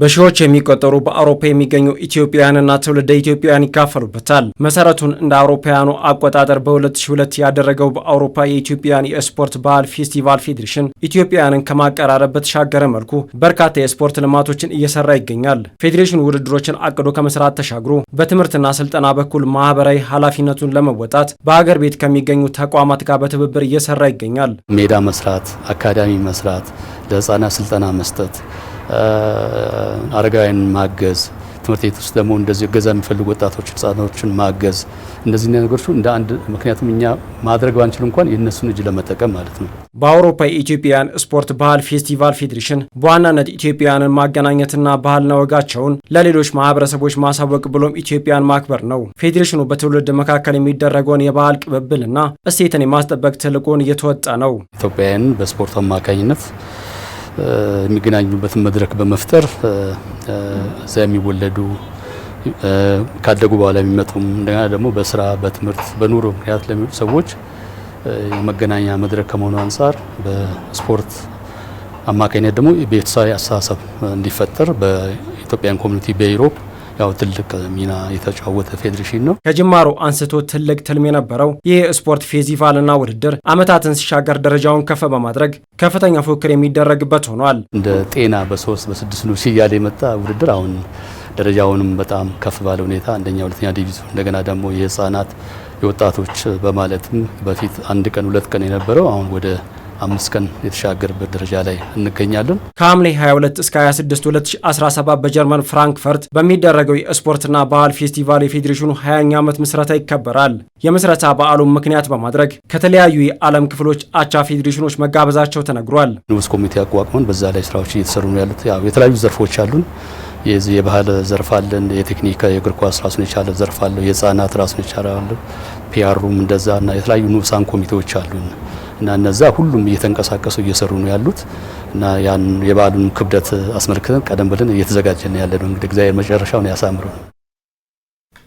በሺዎች የሚቆጠሩ በአውሮፓ የሚገኙ ኢትዮጵያውያንና ትውልደ ኢትዮጵያውያን ይካፈሉበታል። መሰረቱን እንደ አውሮፓውያኑ አቆጣጠር በ2002 ያደረገው በአውሮፓ የኢትዮጵያን የስፖርት ባህል ፌስቲቫል ፌዴሬሽን ኢትዮጵያውያንን ከማቀራረብ በተሻገረ መልኩ በርካታ የስፖርት ልማቶችን እየሰራ ይገኛል። ፌዴሬሽኑ ውድድሮችን አቅዶ ከመስራት ተሻግሮ በትምህርትና ስልጠና በኩል ማህበራዊ ኃላፊነቱን ለመወጣት በሀገር ቤት ከሚገኙ ተቋማት ጋር በትብብር እየሰራ ይገኛል። ሜዳ መስራት፣ አካዳሚ መስራት፣ ለህፃናት ስልጠና መስጠት አረጋውያን ማገዝ፣ ትምህርት ቤት ውስጥ ደግሞ እንደዚህ እገዛ የሚፈልጉ ወጣቶች ህጻናቶችን ማገዝ፣ እንደዚህ ነገሮች እንደ አንድ ምክንያቱም እኛ ማድረግ ባንችል እንኳን የእነሱን እጅ ለመጠቀም ማለት ነው። በአውሮፓ የኢትዮጵያውያን ስፖርት ባህል ፌስቲቫል ፌዴሬሽን በዋናነት ኢትዮጵያውያንን ማገናኘትና ባህልና ወጋቸውን ለሌሎች ማህበረሰቦች ማሳወቅ ብሎም ኢትዮጵያን ማክበር ነው። ፌዴሬሽኑ በትውልድ መካከል የሚደረገውን የባህል ቅብብልና እሴትን የማስጠበቅ ትልቁን እየተወጣ ነው። ኢትዮጵያውያን በስፖርት አማካኝነት የሚገናኙበትን መድረክ በመፍጠር እዛ የሚወለዱ ካደጉ በኋላ የሚመጡም እንደገና ደግሞ በስራ በትምህርት በኑሮ ምክንያት ለሚወጡ ሰዎች የመገናኛ መድረክ ከመሆኑ አንጻር በስፖርት አማካኝነት ደግሞ ቤተሰባዊ አስተሳሰብ እንዲፈጠር በኢትዮጵያን ኮሚኒቲ በዩሮፕ ያው ትልቅ ሚና የተጫወተ ፌዴሬሽን ነው። ከጅማሮ አንስቶ ትልቅ ትልም የነበረው ይህ ስፖርት ፌስቲቫልና ውድድር አመታትን ሲሻገር ደረጃውን ከፍ በማድረግ ከፍተኛ ፉክክር የሚደረግበት ሆኗል። እንደ ጤና በሶስት በስድስት ነው እያለ የመጣ ውድድር አሁን ደረጃውንም በጣም ከፍ ባለ ሁኔታ አንደኛ፣ ሁለተኛ ዲቪዚዮን እንደገና ደግሞ የህፃናት የወጣቶች በማለትም በፊት አንድ ቀን ሁለት ቀን የነበረው አሁን ወደ አምስት ቀን የተሻገርበት ደረጃ ላይ እንገኛለን። ከሐምሌ 22 እስከ 26 2017 በጀርመን ፍራንክፈርት በሚደረገው የስፖርትና ባህል ፌስቲቫል የፌዴሬሽኑ 20ኛ ዓመት ምስረታ ይከበራል። የምስረታ በዓሉን ምክንያት በማድረግ ከተለያዩ የዓለም ክፍሎች አቻ ፌዴሬሽኖች መጋበዛቸው ተነግሯል። ንዑስ ኮሚቴ አቋቁመን በዛ ላይ ስራዎች እየተሰሩ ነው ያሉት። የተለያዩ ዘርፎች አሉን። የዚህ የባህል ዘርፍ አለን። የቴክኒክ የእግር ኳስ ራሱን የቻለ ዘርፍ አለው። የህፃናት ራሱን የቻለ አለ። ፒያሩም እንደዛ እና የተለያዩ ንዑሳን ኮሚቴዎች አሉን። እና እነዛ ሁሉም እየተንቀሳቀሱ እየሰሩ ነው ያሉት እና ያን የበዓሉን ክብደት አስመልክተን ቀደም ብለን እየተዘጋጀን ያለ ነው። እንግዲህ እግዚአብሔር መጨረሻውን ያሳምረው።